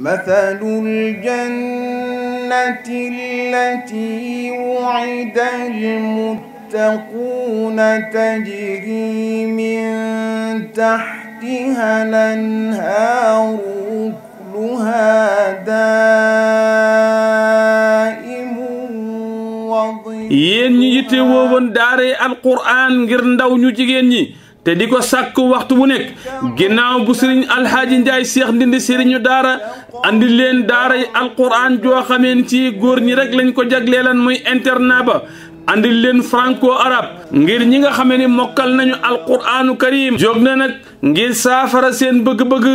مثل الجنة التي وعد المتقون تجري من تحتها الأنهار أكلها دائم وظل yéen ñi yitte woowoon daaree alquraan ngir ndaw ñu jigéen ñi te di ko sàkk waxtu bu nekk ginnaaw bu sëriñ alxaaji njaay seex ndindi sëriñu daara andi leen daara yi alquran joo xameen ci góor ñi rek lañ ko jagleelan muy internat ba andil leen franco arab ngir ñi nga xamee ni mokkal nañu alquraanu karim jóg na nag ngir saafara seen bëgg-bëgg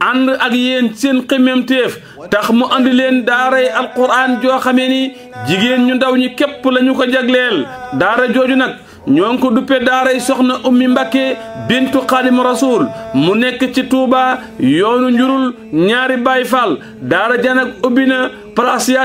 ànd ak yéen seen xemmemteef tax mu andi leen daaray alquraan joo xamee ni jigéen ñu ndaw ñi képp lañu ko jagleel daara jooju nag ñoo ngi ko duppe daaray soxna ummi mbakke bintu xaadimu rasul mu nekk ci tuuba yoonu njurul ñaari baay faal daara janak ubbi na place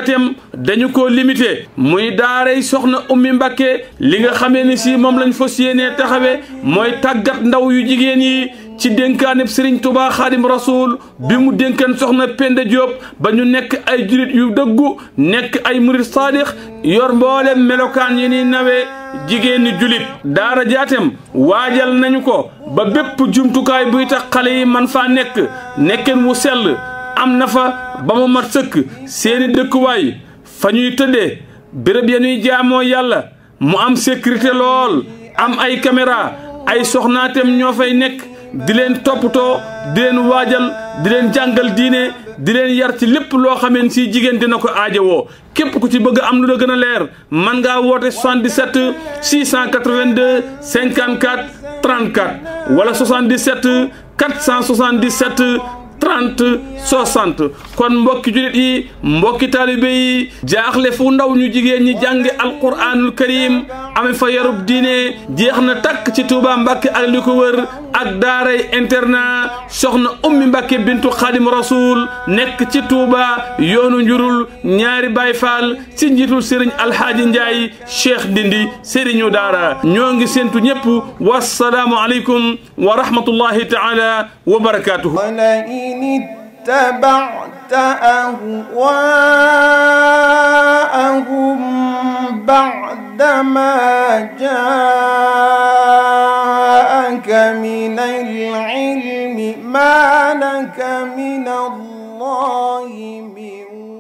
dañu ko limité muy daaray soxna ummi mbakke li nga xamee ni si moom lañ fas yéenee taxawe mooy tàggat ndaw yu jigéen yi ci dénkaaneb Serigne Touba Xaadim Rasul bi mu dénkaan soxna Penda Diop ba ñu nekk ay jurit yu dëggu nekk ay murit saadix yor mboolem melokaan yi ni nawe jigéeni julit daara jaatem waajal nañu ko ba bépp jumtukaay buy tax xale yi man faa nekk nekkin wu sell am nafa fa ba mu mat sëkk seeni dëkkuwaay fa ñuy tëddee béréb ya ñuy jaamoo yàlla mu am sécurité lool am ay caméra ay soxnaatem ñoo fay nekk di leen toppatoo di waajan waajal di leen jàngal diine di leen yar ci lépp loo xameen si jigéen dina ko aajowoo képp ku ci bëgg am lu la gën a leer man ngaa woote 77 682 54 34 wala 77 477 30 60 kon mbokki julit yi mbokki taalibe yi jaaxle fu ndaw ñu jigéen ñi jàng jànge alquranul karim ame fa yarub diine jeex na takk ci Tuubaa Mbàkke ak li ko wër ak daaray internat soxna ummi mbàkke bintu xaadim rasul nekk ci Touba yoonu njurul ñaari baay ci njiitul sëriñ alxaaji njaay cheikh dindi sëriñu daara ñoo ngi séntu ñëpp wassalaamu aleykum taala wa لك من الله من